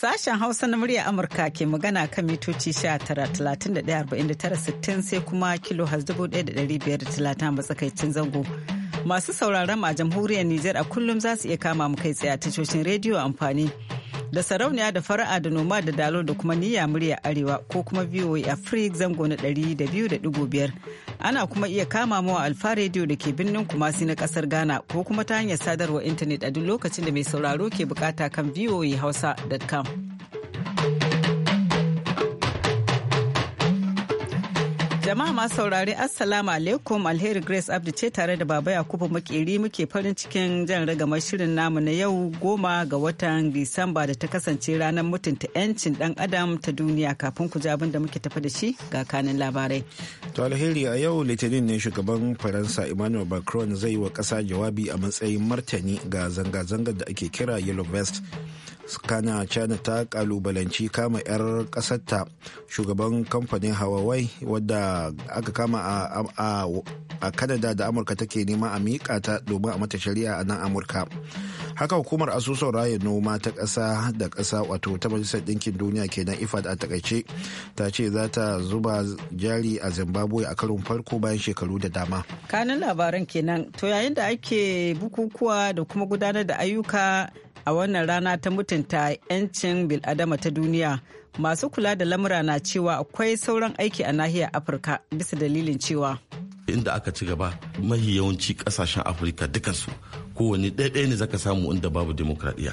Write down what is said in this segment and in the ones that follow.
Sashen Hausa na murya Amurka ke magana kan mitoci 19,31,49,60 sai kuma kilo a matsakaicin zango. Masu sauraron a jamhuriyar Nijar a kullum za su iya kama mu kai tsaye a tashoshin rediyo amfani. da sarauniya da fara'a da noma da dalo da kuma niyya murya arewa ko kuma a afrik zango na ɗari da biyu da biyu biyar ana kuma iya kama a alfa rediyo da ke birnin kumasi na kasar ghana ko kuma ta hanyar sadarwar intanet a duk lokacin da mai sauraro ke bukata kan voahausa.com Jama'a masu saurare Assalamu alaikum Alheri Grace Abdi ce tare da Baba Yakubu Makeri muke farin cikin jan ragama shirin namu na yau goma ga watan Disamba da ta kasance ranar mutunta 'yancin dan adam ta duniya kafin ku abin da muke tafi da shi ga kanin labarai. To Alheri a yau Litinin ne shugaban Faransa Emmanuel Macron zai yi wa kasa jawabi a matsayin martani ga zanga-zangar da ake kira Yellow Vest. kana china ta kalubalanci kama 'yar kasarta shugaban kamfanin hawaii wadda aka kama a kanada da amurka take nema a miƙa ta domin a mata shari'a a nan amurka haka hukumar asusun raya noma ta ƙasa da ƙasa wato ta majalisar ɗinkin duniya kenan ifad a takaice ta ce za ta zuba jari a zimbabwe a karin farko bayan shekaru da dama kanin labaran kenan to yayin da ake bukukuwa da kuma gudanar da ayyuka a wannan rana ta mutunta 'yancin biladama ta duniya masu kula da lamura na cewa akwai sauran aiki a nahiyar afirka bisa dalilin cewa inda aka ci gaba mahi yawanci kasashen afirka dukansu kowane ɗaya ne zaka samu inda babu demokradiyya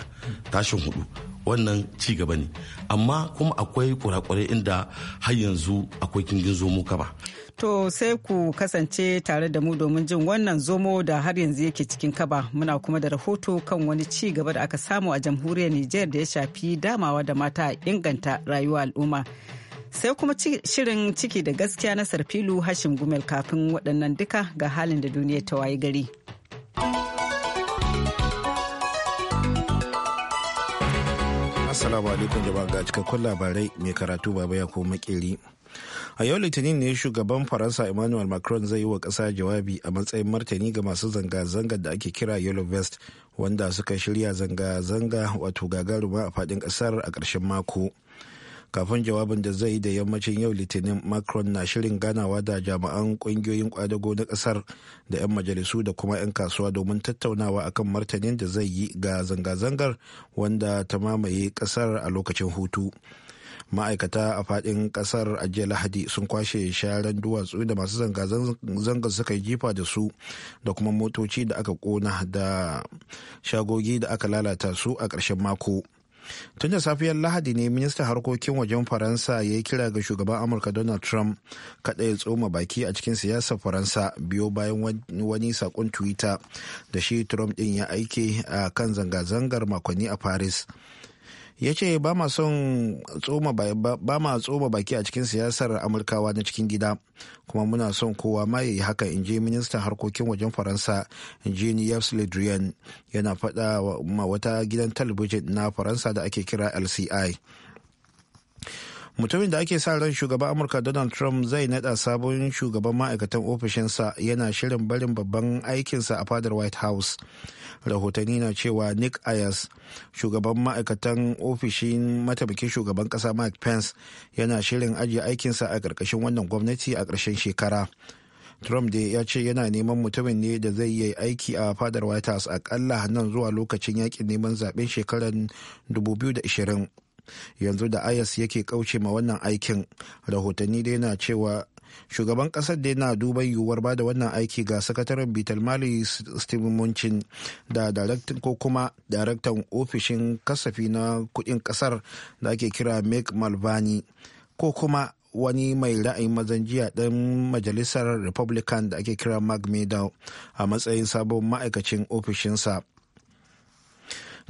tashin hudu wannan ci gaba ne amma kuma akwai kurakurai inda har yanzu akwai kingin zomo kaba to sai ku kasance tare da mu domin jin wannan zomo da har yanzu yake cikin kaba muna kuma da rahoto kan wani ci gaba da aka samu a jamhuriyar niger da ya shafi damawa da mata inganta rayuwa al'umma sai kuma shirin ciki da gaskiya na sarfilu hashim gumel kafin waɗannan duka ga halin da duniya ta waye gari. Assalamu alaikum jama'a ga cikakkun labarai mai karatu baba ya ko makeri. A yau Litinin ne shugaban Faransa Emmanuel Macron zai yi wa ƙasa jawabi a matsayin martani ga masu zanga zanga da ake kira Yellow Vest wanda suka shirya zanga-zanga wato gagaruma a faɗin ƙasar a karshen mako. kafin jawabin da zai yi da yammacin yau litinin macron na shirin ganawa da jami'an kungiyoyin kwadago na kasar da 'yan majalisu da kuma 'yan kasuwa domin tattaunawa akan martanin da zai yi ga zanga-zangar wanda ta mamaye kasar a lokacin hutu ma'aikata a fadin kasar a jiya lahadi sun kwashe sharan duwatsu da masu zanga-zanga suka jifa da su da kuma motoci da aka kona da shagogi da aka lalata su a ƙarshen mako tun da safiyar lahadi ne ministan harkokin wajen faransa ya yi kira ga shugaban amurka donald trump kada ya tsoma baki a cikin siyasar faransa biyo bayan wani sakon twitter da shi trump din ya aike a kan zanga-zangar makonni a paris ya ce ba ma son ba tsoma baki a cikin siyasar amurkawa na cikin gida kuma muna son kowa ma ya yi haka in je ministan harkokin wajen faransa jean yves le yana faɗa ma wata gidan talabijin na faransa da ake kira lci mutumin da ake sa ran shugaban amurka donald trump zai nada sabon shugaban ma'aikatan ofishinsa yana shirin barin babban aikinsa a fadar white house rahotanni na cewa nick ayers shugaban ma'aikatan ofishin mataimakin shugaban kasa mike pence yana shirin ajiye aikinsa a ƙarƙashin wannan gwamnati a ƙarshen shekara trump da ya ce yana neman mutumin ne da zai yi aiki a fadar white house akalla nan zuwa lokacin yakin neman zaben shekarar 2020 yanzu da ayas yake kauce ma wannan aikin rahotanni dai na cewa shugaban kasar da yana duba yiwuwar bada wannan aiki ga sakataren bitar mali steven munchin da daraktan ko kuma daraktan ofishin kasafi na kudin kasar da ake kira mick malvani ko kuma wani mai ra'ayin mazan jiya ɗan majalisar republican da ake kira mark meadow a matsayin sabon ma'aikacin ofishinsa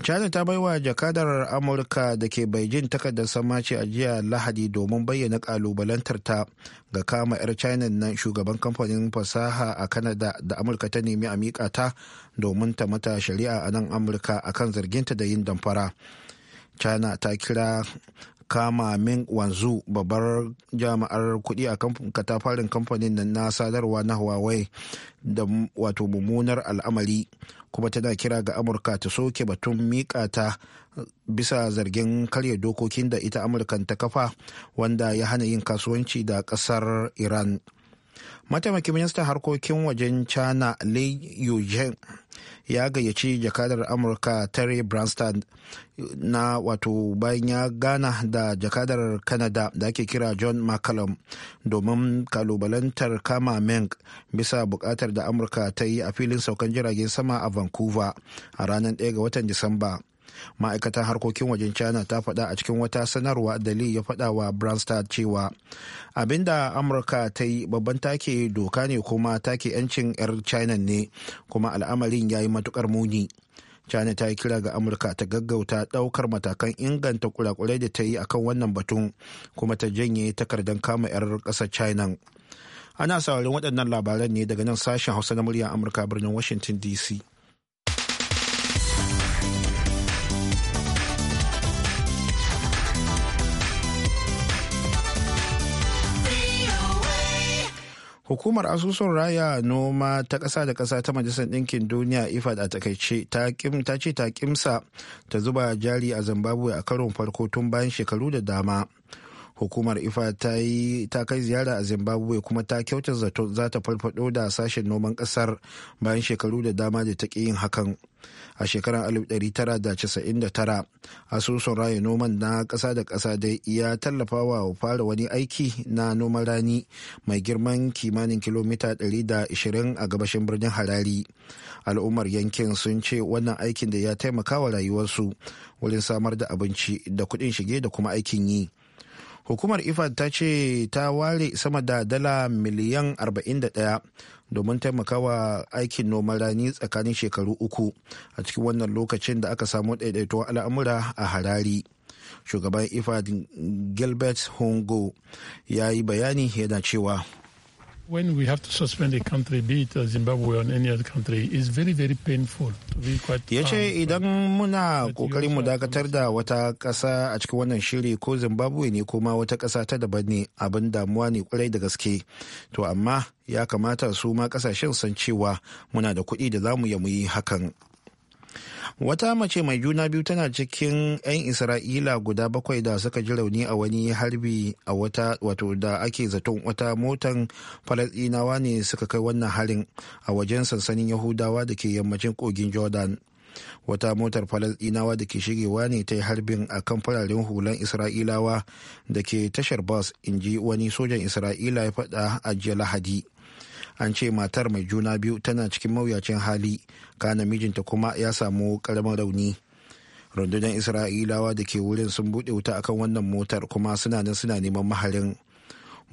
china ta baiwa jakadar amurka da ke beijing takardar sammaci a jiya lahadi domin bayyana kalubalantar ta ga kama 'yar china nan shugaban kamfanin fasaha a canada da amurka ta nemi a miƙa ta domin ta mata shari'a a nan amurka akan zarginta da yin damfara china ta kira kama min wanzu babbar jami'ar kuɗi a katafarin kamfanin na sadarwa na huawei da wato mummunar al'amari kuma tana kira ga amurka ta soke batun miƙa ta bisa zargin karya dokokin da ita amurkan ta kafa wanda ya hana yin kasuwanci da kasar iran mataimakin ministan harkokin wajen china li yujin ya gayyaci jakadar amurka terry branstad na wato bayan ya gana da jakadar canada da ake kira john mccallum domin kalubalantar kama meng bisa bukatar da amurka ta yi a filin saukan jiragen sama a vancouver a ranar 1 ga watan disamba ma'aikatan harkokin wajen china ta faɗa a cikin wata sanarwa da lee ya faɗa wa branstad cewa abinda amurka ta yi babban take doka ne kuma take 'yancin 'yar china ne kuma al'amarin ya yi matukar muni china ta yi kira ga amurka ta gaggauta daukar matakan inganta kurakurai da ta yi akan wannan batun kuma ta janye takardar kama 'yar ƙasar china ana saurin waɗannan labaran ne daga nan sashen hausa na murya amurka birnin washington dc hukumar asusun raya noma ta ƙasa da ƙasa ta majalisar ɗinkin duniya ifad a takaice ta ce ta kimsa ta zuba jari a zimbabwe a karon farko tun bayan shekaru da dama hukumar ifa ta yi ta kai ziyara a zimbabwe kuma ta kyauta zato za ta farfado da sashen noman kasar bayan shekaru da dama da ta yin hakan a shekarar 1999 asusun rayu noman na ƙasa da ƙasa dai ya tallafa wa fara wani aiki na noman rani mai girman kimanin kilomita 120 a gabashin birnin harari al'ummar yankin sun ce wannan aikin da ya taimaka wa rayuwarsu wurin samar da abinci da kuɗin shige da kuma aikin yi hukumar ifad ta ce ta ware sama da dala miliyan 41 domin taimakawa aikin noman rani tsakanin shekaru uku a cikin wannan lokacin da aka samu daidaituwar al'amura a harari shugaban ifad gilbert hongo ya yi bayani yana cewa When we have to suspend a country, be it Zimbabwe or any other country, is very very painful. Ya ce idan muna kokarin mu dakatar da wata kasa a cikin wannan shiri ko Zimbabwe ne ko wata ƙasa ta daban ne abin damuwa ne kwarai da gaske. To amma ya kamata su ma ƙasashen san cewa muna da kuɗi da za mu yi hakan. wata mace mai juna biyu tana cikin 'yan isra'ila guda bakwai da suka ji rauni a wani harbi a wata wato da ake zaton wata motan falasɗinawa ne suka kai wannan harin a wajen sansanin yahudawa da ke yammacin kogin jordan wata motar falasɗinawa da ke shigewa ne ta yi harbin a kan fararen hulan isra'ilawa da ke tashar bas in ji wani sojan isra'ila ya faɗa a jiya lahadi an ce matar mai juna biyu tana cikin mawuyacin hali kana mijinta kuma ya samu karamin rauni rundunar isra'ilawa da ke wurin sun buɗe wuta akan wannan motar kuma suna nan suna neman maharin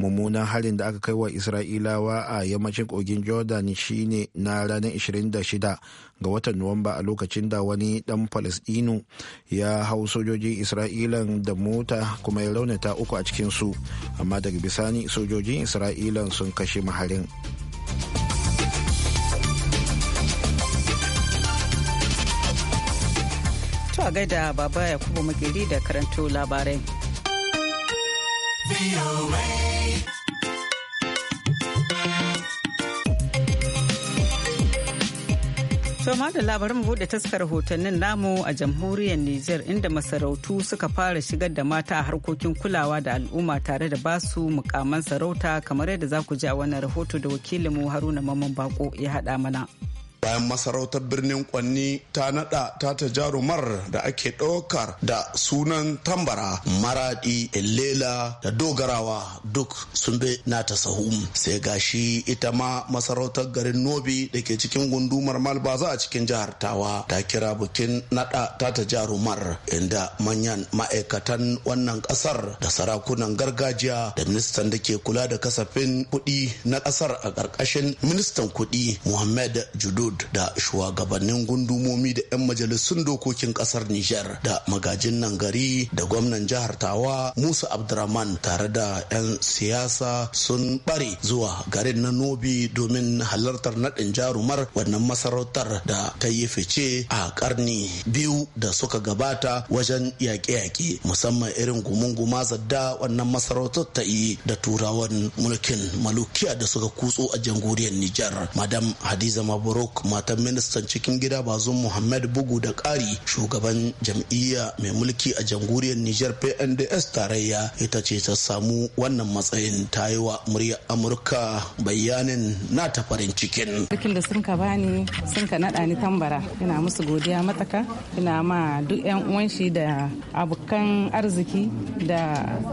mummunan harin da aka kai wa isra'ilawa a yammacin kogin jordan shine na ranar 26 ga watan nuwamba a lokacin da wani dan palestino ya hau sojojin isra'ilan da mota kuma ya raunata uku a cikinsu amma daga bisani sojojin isra'ilan sun kashe maharin. a gaida baba ya kuma da karanto labarai. Toma da labarin bude taskar hotonnin namu a jamhuriyar Nijar inda masarautu suka fara shigar da mata a harkokin kulawa da al'umma tare da basu mukaman sarauta kamar yadda za ku ji a wannan rahoto da wakilinmu Haruna Maman Bako ya haɗa mana. bayan masarautar birnin kwanni ta nada ta ta jarumar da ake ɗaukar da sunan tambara maradi lela da dogarawa duk sun bi nata sahum sai gashi ita ma masarautar garin nobi da ke cikin gundumar malbaza a cikin jihar tawa ta kira bikin nada ta ta jarumar inda manyan ma'aikatan wannan kasar da sarakunan gargajiya da ministan da ke kula da kasafin kuɗi na kasar a ƙarƙashin ministan kuɗi muhammad judo mahmud da shugabannin gundumomi da 'yan majalisun dokokin kasar nijar da magajin nan gari da gwamnan jihar tawa musa abdurrahman tare da 'yan siyasa sun bare zuwa garin na nobi domin halartar naɗin jarumar wannan masarautar da ta yi fice a karni biyu da suka gabata wajen yaƙe-yaƙe musamman irin gumun-guma zadda wannan masarautar ta yi da turawan mulkin malukiya da suka kutso a jamhuriyar Nijar. Madam Hadiza Mabruk matan ministan cikin gida bazon muhammad bugu da ƙari shugaban jam'iyya mai mulki a jamhuriyar niger pnds tarayya ita ce ta samu wannan matsayin ta yi wa muryar amurka bayanin na ta farin cikin da sun ka bani sun ka naɗa ni tambara ina musu godiya mataka ina ma duk yan uwan shi da abokan arziki da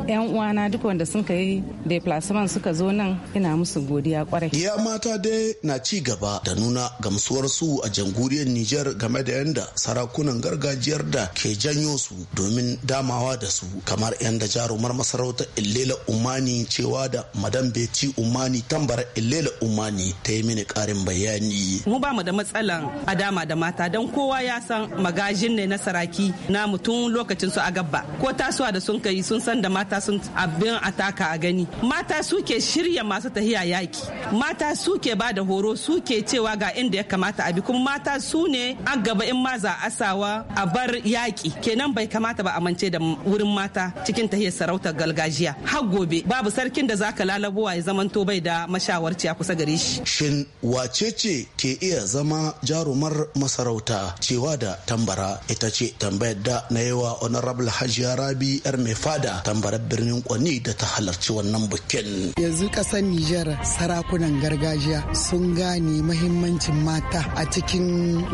yan uwana duk wanda sun ka yi deplacement suka zo nan ina musu godiya kwarai ya mata dai na ci gaba da nuna gamsu gamsuwar su a jamhuriyar Nijar game da yadda sarakunan gargajiyar da ke janyo su domin damawa da su kamar yan da jarumar masarautar Illela Umani cewa da Madam Beti Umani tambara Illela Umani ta yi mini karin bayani. Mu ba mu da matsalan a dama da mata don kowa ya san magajin ne na saraki na mutum lokacin su a gabba ko tasowa da sun kai sun san da mata sun abin ataka a gani mata suke shirya masu tahiya yaki mata suke ba da horo suke cewa ga inda ya kamata a bi kuma mata su ne an gaba in ma za sawa a bar yaƙi kenan bai kamata ba a mance da wurin mata cikin tahiyar sarautar galgajiya har gobe babu sarkin da zaka lalabuwa ya zamanto bai da mashawarci a kusa gare shi shin wace ce ke iya zama jarumar masarauta cewa da tambara ita ce tambayar da na yawa honorable hajiya rabi yar mai fada tambarar birnin kwani da ta halarci wannan bikin yanzu ƙasar nijar sarakunan gargajiya sun gane mahimmancin mata a cikin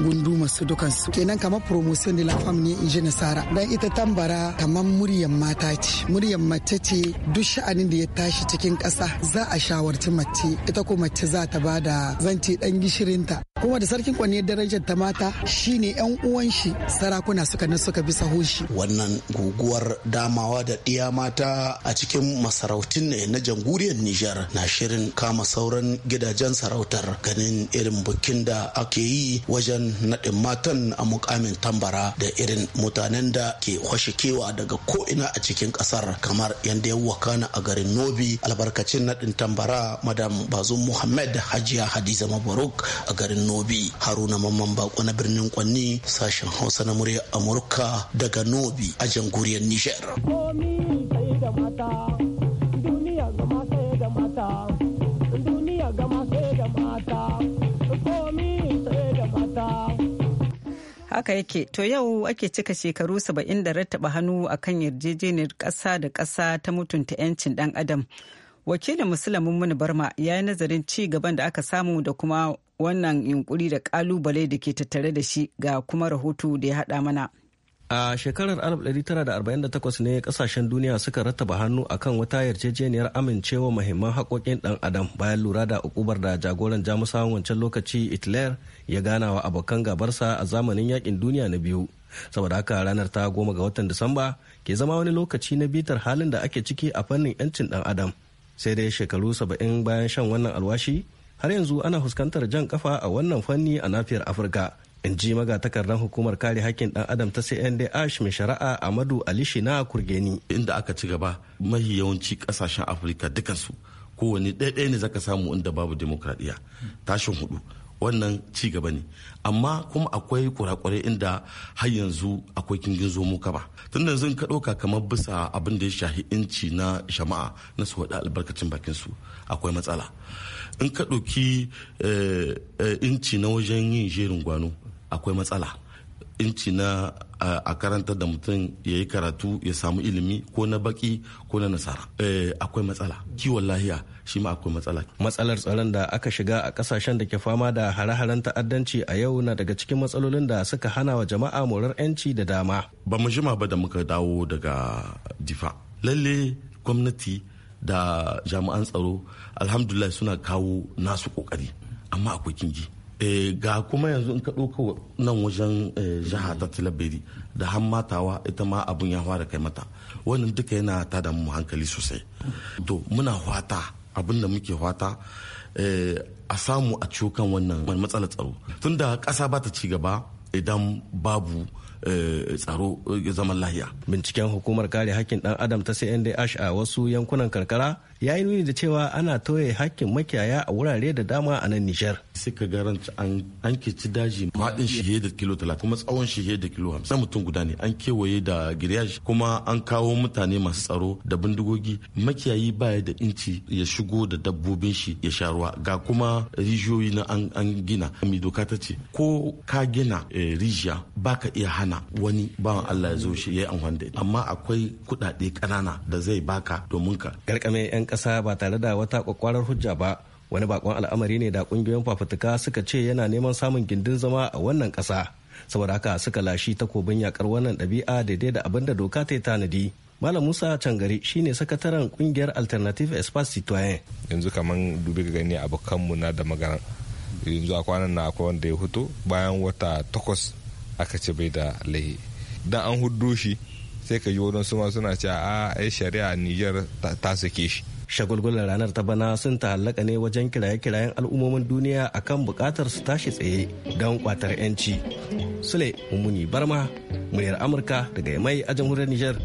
gundu masu dukansu kenan kamar promotion de la femme ne inji nasara dan ita tambara kamar muryan mata ce muryan mace ce duk sha'anin da ya tashi cikin ƙasa za a shawarci mace ita ko mace za ta bada zance dan gishirinta kuma da sarkin kwanne darajar ta mata shine yan uwan shi sarakuna suka nan suka bi sahun shi wannan guguwar damawa da ɗiya mata a cikin masarautun ne na jamhuriyar Nijar na shirin kama sauran gidajen sarautar ganin irin bukin da ake yi wajen naɗin matan a mukamin tambara da irin mutanen da ke kewa daga ko'ina a cikin ƙasar kamar yadda ya wakana a garin Nobi albarkacin naɗin tambara madam Bazum Muhammad Hajiya Hadiza Mabaruk a garin Nobi Haruna Mamman Bako na birnin Kwanni sashen Hausa na murya Amurka daga Nobi a jamhuriyar Nijar. haka yake to yau ake cika shekaru saba'in da rattaba hannu akan yarjejeniyar ƙasa da ƙasa ta mutunta 'yancin ɗan adam wakilin musulmin muni barma ya yi nazarin ci gaban da aka samu da kuma wannan yunkuri da kalubale da ke tattare da shi ga kuma rahoto da ya haɗa mana a shekarar 1948 ne kasashen duniya suka rattaba hannu akan wata yarjejeniyar amincewa mahimman haƙoƙin ɗan adam bayan lura da ukubar da jagoran jamusawan wancan lokaci hitler ya ganawa wa abokan gabarsa a zamanin yakin duniya na biyu saboda haka ranar ta goma ga watan disamba ke zama wani lokaci na bitar halin da ake ciki a fannin 'yancin ɗan adam sai dai shekaru saba'in bayan shan wannan alwashi har yanzu ana fuskantar jan kafa a wannan fanni a nafiyar afirka in ji magatakardar hukumar kare hakkin dan adam ta da ash mai shari'a amadu alishi na kurgeni inda aka ci gaba mahi yawanci kasashen afirka dukansu kowane ɗaya ne zaka samu inda babu demokradiyya tashin hudu wannan ci gaba ne amma kuma akwai kurakurai inda har yanzu akwai kingin zomo kaba tun da zan ka kamar bisa abin da ya shahi inci na jama'a na su waɗa albarkacin bakin su akwai matsala in ka ɗauki eh, eh, inci na wajen yin jerin gwano akwai matsala inci na a karanta da mutum ya yi karatu ya samu ilimi ko na baki ko na nasara eh, akwai matsala kiwon lahiya shi ma akwai matsala matsalar tsaron da aka shiga a kasashen da ke fama da hare-haren ta'addanci a yau na daga cikin matsalolin da suka hana wa jama'a morar 'yanci da dama ba mu jima ba da muka dawo daga difa lalle gwamnati da jami'an tsaro alhamdulillah suna kawo nasu kokari amma akwai kingi Eh, ga kuma yanzu in ka ɗauka nan wajen eh, jiha ta tilabiri da hammatawa ita ma abun ya fara kai mata wannan duka yana ta da mu hankali sosai to muna hwata abin da muke hwata eh, a samu a ciwo kan wannan matsalar tsaro tunda ƙasa ba ta ci gaba idan babu Eh, tsaro eh, zaman lahiya. Binciken hukumar kare hakkin dan adam ta CNDH a wasu yankunan karkara ya yi nuni da cewa ana toye hakkin makiyaya a wurare da dama a nan Nijar. Suka garanci an kici daji maɗin shi da kilo talatin kuma tsawon shi da kilo hamsin mutum guda ne an kewaye da giriyaj kuma an kawo mutane masu tsaro da bindigogi makiyayi ba da inci ya shigo da dabbobin shi ya sha ruwa ga kuma rijiyoyi na an gina doka ta ko ka gina eh, rijiya baka iya hana kana wani bawan Allah ya zo shi ya amfani da amma akwai kuɗaɗe kanana da zai baka domin ka karkame yan ƙasa ba tare da wata kwakwarar hujja ba wani bakon al'amari ne da kungiyoyin fafutuka suka ce yana neman samun gindin zama a wannan kasa saboda haka suka lashi takobin yakar wannan ɗabi'a daidai da abin da doka ta yi tanadi Malam Musa Cangari shine sakataren kungiyar Alternative Espace Citoyen. Yanzu kaman dubi ga gani mu na da magana. Yanzu a kwanan na akwai wanda ya fito bayan wata takwas aka ce bai da laihi dan an huddo shi sai ka yi su ma suna cewa a ai shari'a Niger ta sake shi shagulgulan ranar ta bana sun ta'allaka ne wajen kiraye-kirayen al'ummomin duniya akan bukatar su tashi tsaye don kwatar 'yanci. Sule Mummuni Barma, muryar Amurka daga mai a jamhuriyar Nijar.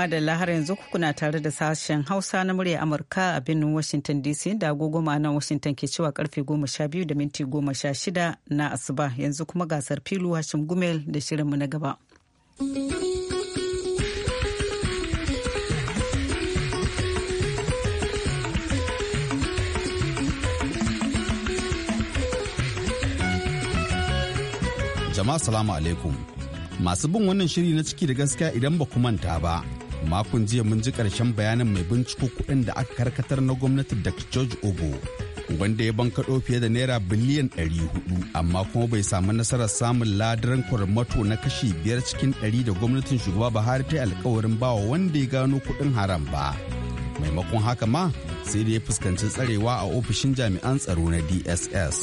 madalla har yanzu kuna tare da sashen hausa na murya amurka a birnin washington dc da agogo nan washington ke cewa karfe 12 da minti 16 na asuba yanzu kuma gasar filu hashim gumel da shirinmu na gaba jama'a salamu alaikum masu bin wannan shiri na ciki da gaskiya idan ba ku manta ba makon jiya mun ji karshen bayanin mai binciko kuɗin da aka karkatar na gwamnati da george obo wanda ya bankaɗo fiye da naira biliyan 400 amma kuma bai samu nasarar samun ladaran kwarmato na kashi biyar cikin 100 da gwamnatin shugaba buhari ta alkawarin bawa wanda ya gano kuɗin haram ba maimakon haka ma sai da ya fuskanci tsarewa a ofishin jami'an tsaro na dss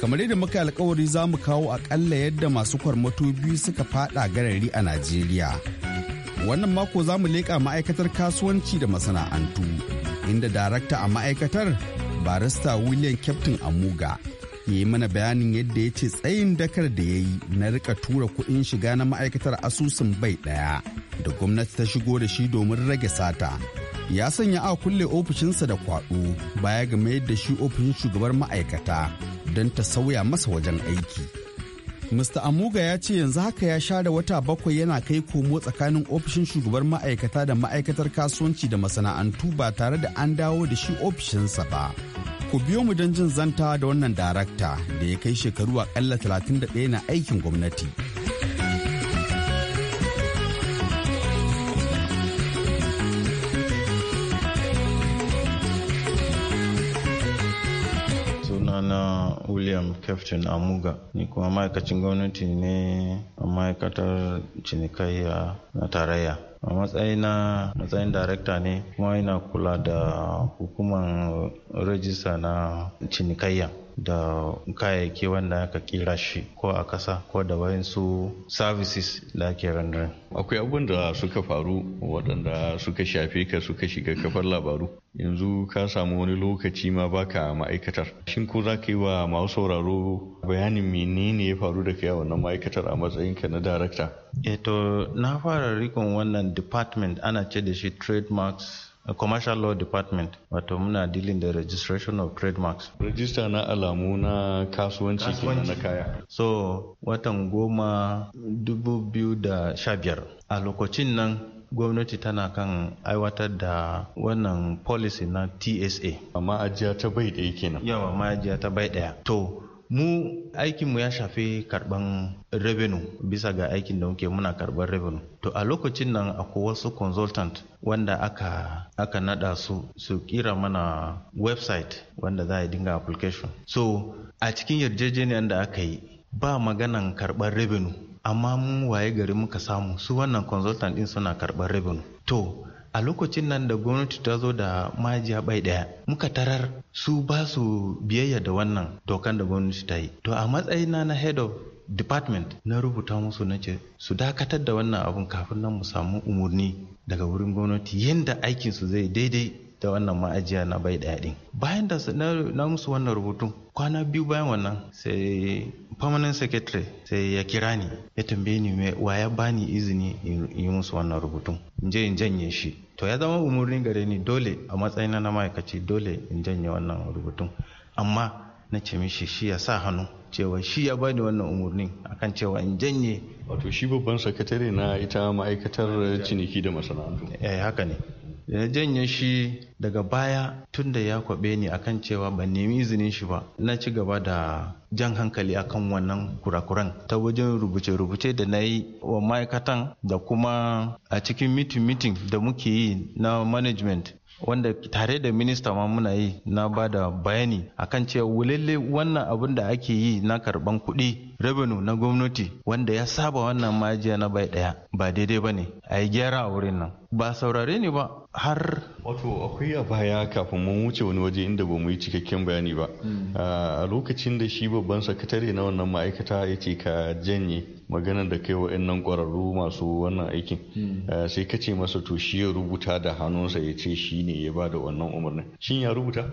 kamar yadda muka alkawari za mu kawo akalla yadda masu kwarmato biyu suka fada garari a najeriya Wannan mako za mu leƙa ma'aikatar kasuwanci da masana'antu, inda darakta a ma'aikatar barista William Captain Amuga ya yi mana bayanin yadda ya ce tsayin dakar da ya yi na rika tura kuɗin shiga na ma'aikatar asusun bai ɗaya da gwamnati ta shigo da shi domin rage sata ya sanya a kulle ofishinsa da kwaɗo baya game da shi ofishin shugabar ma'aikata don ta sauya masa wajen aiki. Mr. Amuga ya ce yanzu haka ya share wata bakwai yana kai komo tsakanin ofishin shugabar ma'aikata da ma'aikatar kasuwanci da masana'antu ba tare da an dawo da shi ofishinsa ba. Ku biyo mu don jin zanta da wannan darakta da ya kai shekaru akalla 31 na aikin gwamnati. William Captain Amuga ni kuma ma'aikacin gwamnati ne a ma'aikatar cinikayya na tarayya. A matsayina matsayin darekta ne kuma ina kula da hukumar rajista na cinikayya. da kayayyaki wanda aka kira shi ko a kasa ko da wayansu services da ake rendering. Akwai abin da suka faru waɗanda suka shafe ka suka shiga kafar labaru. Yanzu ka samu wani lokaci ma baka ma'aikatar. Shin ko za ka yi wa masu sauraro bayanin menene ya faru da kai a wannan ma'aikatar a matsayinka na darakta? Eto eh na fara rikon wannan department ana ce da shi trademarks A commercial law department wato muna dealing da registration of trademarks register na alamu na kasuwanci kenan na kaya so watan goma dubu biyu da sha biyar a lokacin nan gwamnati tana kan aiwatar da wannan policy na tsa ma'ajiya ta bai ɗaya kenan yawa ma'ajiya ta bai ɗaya to mu aikinmu ya shafi karban revenue bisa ga aikin da muke muna karban revenue to a lokacin nan akwai wasu consultant wanda aka aka nada su su kira mana website wanda za a dinga application so a cikin yarjejeniyar da aka yi ba maganan karban revenue amma mu waye gari muka samu su wannan consultant din suna karban revenue to a lokacin nan da gwamnati ta zo da majiya bai daya muka tarar su ba su biyayya da wannan dokan da gwamnati ta yi to a matsayina na head of department na rubuta musu na ce su dakatar da wannan abun kafin nan mu samu umarni daga wurin gwamnati yadda aikinsu zai daidai da wannan ma'ajiya na bai daya din. bayan da na musu wannan rubutun kwana biyu bayan wannan sai permanent secretary sai ya kira ni ya tambaye ni wa ya bani izini in yi musu wannan rubutun in je in janye shi to ya zama umarni gare ni dole a matsayina na ma'aikaci dole in janye wannan rubutun amma na ce mishi shi ya sa hannu cewa shi ya bani wannan umarnin akan cewa in janye wato shi babban sakatare na ita ma'aikatar ciniki da masana'antu eh haka ne da ya janye shi daga baya tun da ya kwabe ni akan cewa ban nemi izinin shi ba na ci gaba da jan hankali akan wannan kurakuran ta wajen rubuce-rubuce da na yi wa ma'aikatan da kuma a cikin mitin-mitin da muke yi na management wanda tare da minista ma muna yi na ba da bayani akan cewa wulele wannan abin da ake yi na karban kuɗi revenue na gwamnati wanda ya saba wannan majiya na bai daya ba daidai ba ne a yi gyara a wurin nan ba saurare ne ba har wato akwai a baya kafin mun wuce wani waje inda ba mu yi cikakken bayani ba hmm. a lokacin da shi babban sakatare na wannan ma'aikata ya ce ka janye maganar da kai nan kwararru masu wannan aikin hmm. sai ka ce masa to shi ya rubuta da hannunsa ya ce shi ne ya ba da wannan umarnin shin ya rubuta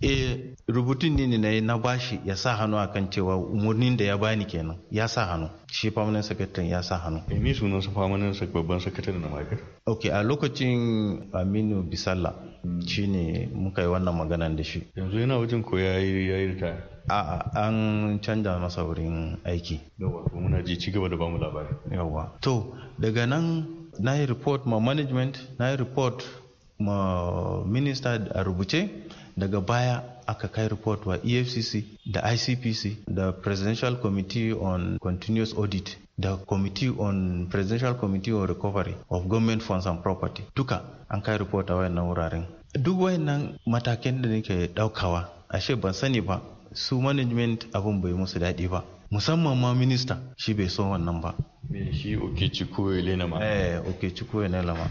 eh rubutun ne na yi na bashi ya sa hannu akan cewa umarnin da ya ba bani kenan ya sa hannu shi famanin secretary ya sa hannu e ni sunan sa permanent babban secretary na ma'aikata ok a lokacin Aminu Bisalla hmm. shine muka yi wannan maganan da shi yanzu yana wajen ko ya yi ritaya A'a an canza masa wurin aiki. Yawwa, muna ji ci gaba da bamu labari. Yawwa. To, daga nan na yi report ma management, na yi report ma minister a rubuce daga baya aka kai report wa efcc da icpc da presidential committee on continuous audit da committee on presidential committee on recovery of government funds and property duka an kai report a wayannan wuraren duk wayannan matakin da nake daukawa ashe ban sani ba su management abun bai musu daɗi ba musamman ma minista shi bai so wannan ba me shi okechukwu elenama eh okechukwu lama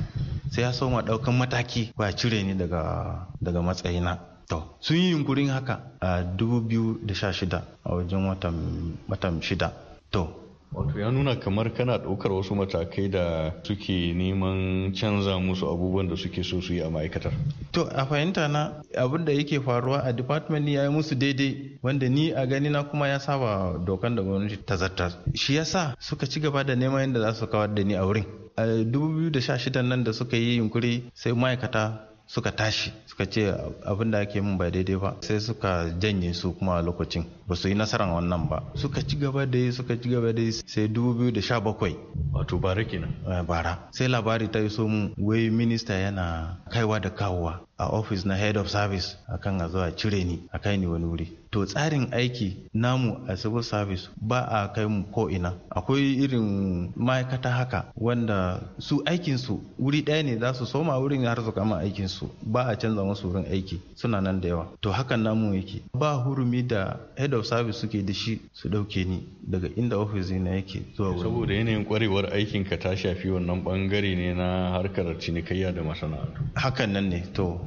sai ya so ma daukan mataki ba cire ni daga daga matsayina To, sun yi yunkurin haka a 2016 a wajen watan shida. To, wato ya nuna kamar kana ɗaukar wasu matakai da suke neman canza musu abubuwan da suke so su yi a ma'aikatar. To, a fahimta na abin da yake faruwa a department ya yi musu daidai wanda ni a gani na kuma ya saba dokan da gwamnati ta zarta Shi yasa suka ci gaba da neman yadda za su kawar da ni a wurin. A 2016 nan da suka yi yunkuri sai ma'aikata suka tashi suka ce abin da ake mun ba daidai ba sai suka janye su kuma a lokacin ba su yi nasarar wannan ba suka ci gaba da yi suka ci gaba da yi sai 2017 wato bara kenan eh, bara sai labari ta iso mu wai minista yana kaiwa da kawowa a ofis na head of service akan a zuwa cire ni a kai ni wani wuri to tsarin aiki namu a civil service ba a kai mu ko ina akwai irin ma'aikata haka wanda su aikinsu wuri ɗaya ne za su soma wurin har su kama aikinsu ba a canza masu wurin aiki suna nan da yawa to hakan namu yake ba hurumi da head of service suke da shi su ɗauke ni daga inda ofis na yake zuwa wurin saboda yanayin kwarewar aikin ka ta shafi wannan bangare ne na harkar cinikayya da masana'antu hakan nan ne to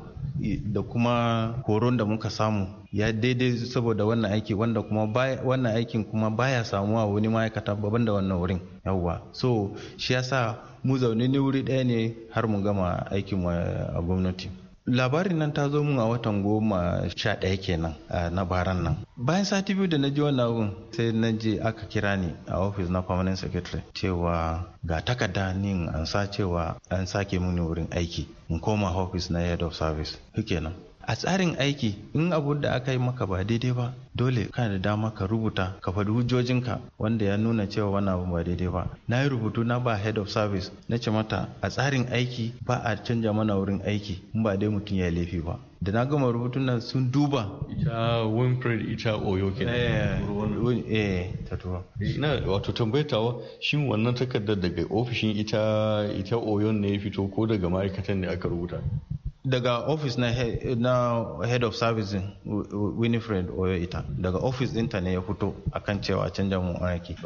da kuma horon da muka samu ya daidai saboda wannan aiki wanda kuma wannan aikin kuma baya samuwa wani ma'aikata babban da wannan wurin yawwa so shi yasa mu zaune ne wuri ɗaya ne har mu gama aikin eh, a gwamnati labarin nan ta zo mun a watan goma sha ɗaya kenan na baran nan bayan sati biyu da na ji wannan abun sai na je aka kira ni a ofis na permanent secretary cewa ga takarda ni an sa cewa an sake muni wurin aiki in koma ofis na head of service shikenan a tsarin aiki in abu da aka yi maka ba daidai ba dole kana da dama ka rubuta ka faɗi hujjojinka wanda ya nuna cewa wannan abu ba daidai ba na yi rubutu na ba head of service na ce mata a tsarin aiki ba a canja mana wurin aiki in ba dai mutum ya laifi ba da na gama rubutun nan sun duba ita winfred ita oyo ke eh, eh ta ina wato tambayatawa shin wannan takardar daga ofishin ita ita oyon ne ya fito ko daga ma'aikatan ne aka rubuta daga ofis na, he, na head of service winifred oyo ita daga ofis ɗinta ne ya fito akan cewa canja mu aiki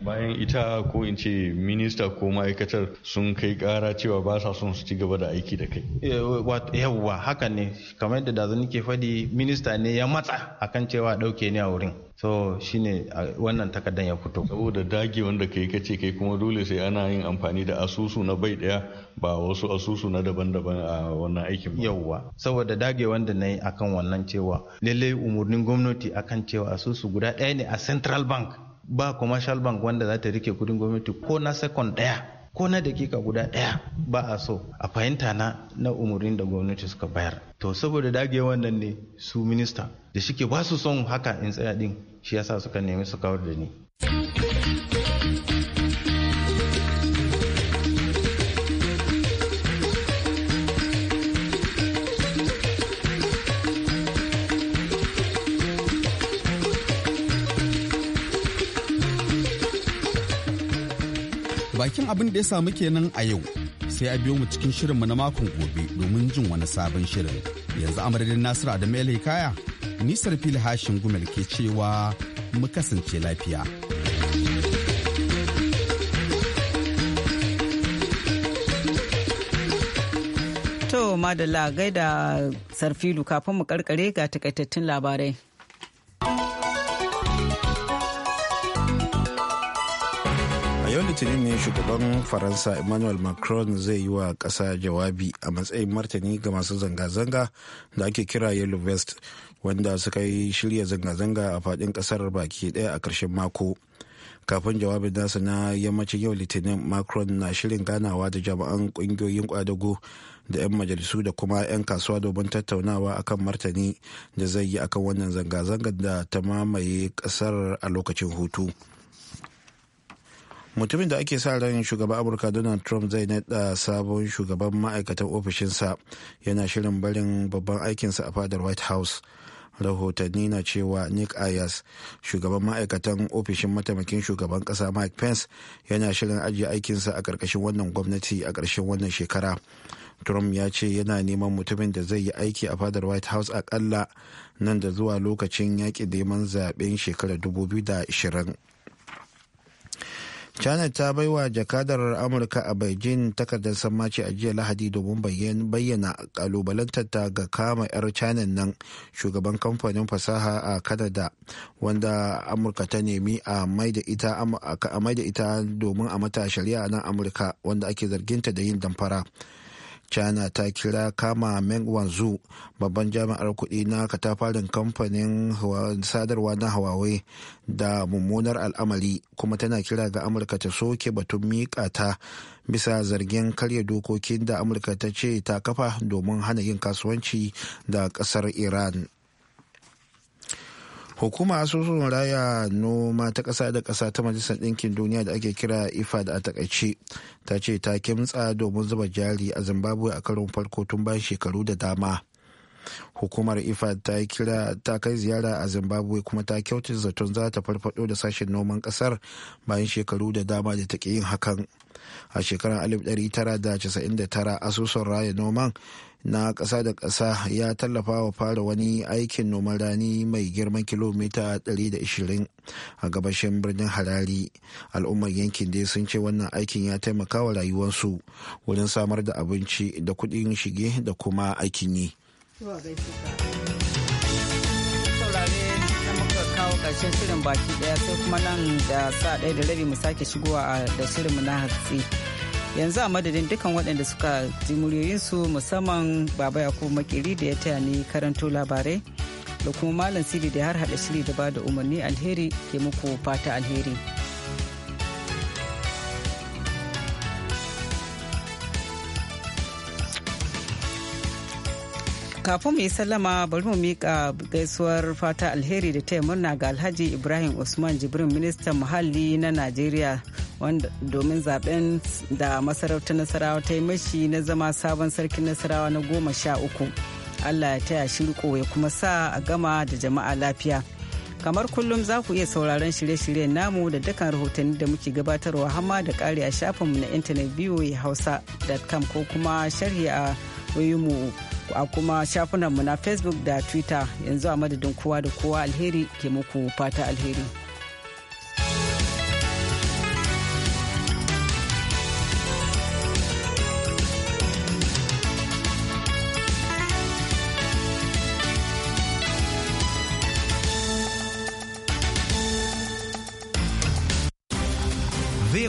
bayan ita ko in ce minista ko ma'aikatar sun kai kara cewa ba sa son su ci gaba da aiki da kai eh, yawwa haka ne kamar yadda da ke faɗi minista ne ya matsa akan cewa ɗauke ne a wurin so shine wannan takardan ya fito saboda dage wanda kai kace kai kuma dole sai ana yin amfani da asusu na bai daya ba wasu asusu na daban-daban a wannan aikin ba saboda dage wanda nayi akan wannan cewa lalle umarnin gwamnati akan cewa asusu guda daya ne a central bank ba commercial bank wanda za ta rike kudin gwamnati ko na second daya ko na dakika guda ɗaya ba a so a fahimta na na umarnin da gwamnati suka bayar to saboda dage wannan ne su minista da shike ba su son haka in tsaya din shi yasa suka nemi su kawar da ni. bakin abin da ya samu kenan a yau sai a biyo mu cikin shirin mu na makon gobe domin jin wani sabon shirin yanzu amadadin nasiru adamu ya kaya nisar fili hashin gumel ke cewa mu kasance lafiya to madalla gaida sarfilu kafin mu karkare ga takaitattun labarai litinin ne shugaban faransa emmanuel macron zai yi wa kasa jawabi a matsayin martani ga masu zanga-zanga da ake kira yellow vest wanda suka yi shirya zanga-zanga a fadin kasar baki daya a karshen mako kafin jawabin nasa na yammacin yau litinin macron na shirin ganawa da jami'an ƙungiyoyin kwadago da 'yan majalisu da kuma 'yan kasuwa domin tattaunawa akan martani da zai yi akan wannan zanga-zangar da ta mamaye ƙasar a lokacin hutu. mutumin da ake sa ran shugaban amurka donald trump zai naɗa sabon shugaban ma'aikatan ofishinsa yana shirin barin babban aikinsa a fadar white house rahotanni na cewa nick ayers shugaban ma'aikatan ofishin mataimakin shugaban kasa mike pence yana shirin ajiye aikinsa a karkashin wannan gwamnati a karshen wannan shekara trump ya ce yana neman mutumin da zai yi aiki a fadar white house akalla nan da zuwa lokacin yaƙi neman zaɓen shekarar 2020 china ta baiwa jakadar amurka a beijing takardar sammaci a jiya lahadi domin bayyana kalubalantarta ga kama 'yar china nan shugaban kamfanin fasaha a canada wanda amurka ta nemi a da ita domin a mata shari'a nan amurka wanda ake zarginta da yin damfara china ta kira kama meng wanzu babban jami'ar kuɗi na katafarin kamfanin sadarwa na hawawe da mummunar al'amari kuma tana kira ga amurka ta soke batun miƙa ta bisa zargin karya dokokin da amurka ta ce ta kafa domin hana yin kasuwanci da ƙasar iran hukuma asusun raya noma ta ƙasa da ƙasa ta majalisar ɗinkin duniya da ake kira ifad a takaice ta ce ta kimtsa domin zuba jari a zimbabwe a karon farko tun bayan shekaru da dama hukumar ifad ta kira ta kai ziyara a zimbabwe kuma ta kyautar zaton za ta farfado da sashen noman ƙasar bayan shekaru da dama da ta yin hakan a shekarar 1999 asusun raya noman na ƙasa da ƙasa ya tallafa wa fara wani aikin noman rani mai girman kilomita 120 a gabashin birnin harari al'ummar yankin dai sun ce wannan aikin ya taimaka wa rayuwarsu wurin samar da abinci da kuɗin shige da kuma aikin yi kawo ƙarshen shirin baki daya sai kuma nan da sa ɗaya da rabi mu sake shigowa da shirin mu na hatsi yanzu a madadin dukkan waɗanda suka ji muryoyinsu musamman baba yakubu makiri da ya taya ni karanto labarai da kuma malam sidi da har hada shiri da ba da umarni alheri ke muku fata alheri. kafin mu yi sallama bari mu mika gaisuwar fata alheri da taya murna ga alhaji ibrahim usman jibrin ministan muhalli na najeriya domin zaben da masarautar nasarawa ta yi mashi na zama sabon sarkin nasarawa na goma sha uku allah ya taya shi riko ya kuma sa a gama da jama'a lafiya kamar kullum za ku iya sauraron shirye-shiryen namu da dukkan rahotanni da muke gabatarwa hama da kare a shafinmu na intanet voa hausa.com ko kuma sharhi a wayoyinmu a kuma shafinanmu na facebook da twitter yanzu a madadin kowa da kowa alheri ke muku fata alheri.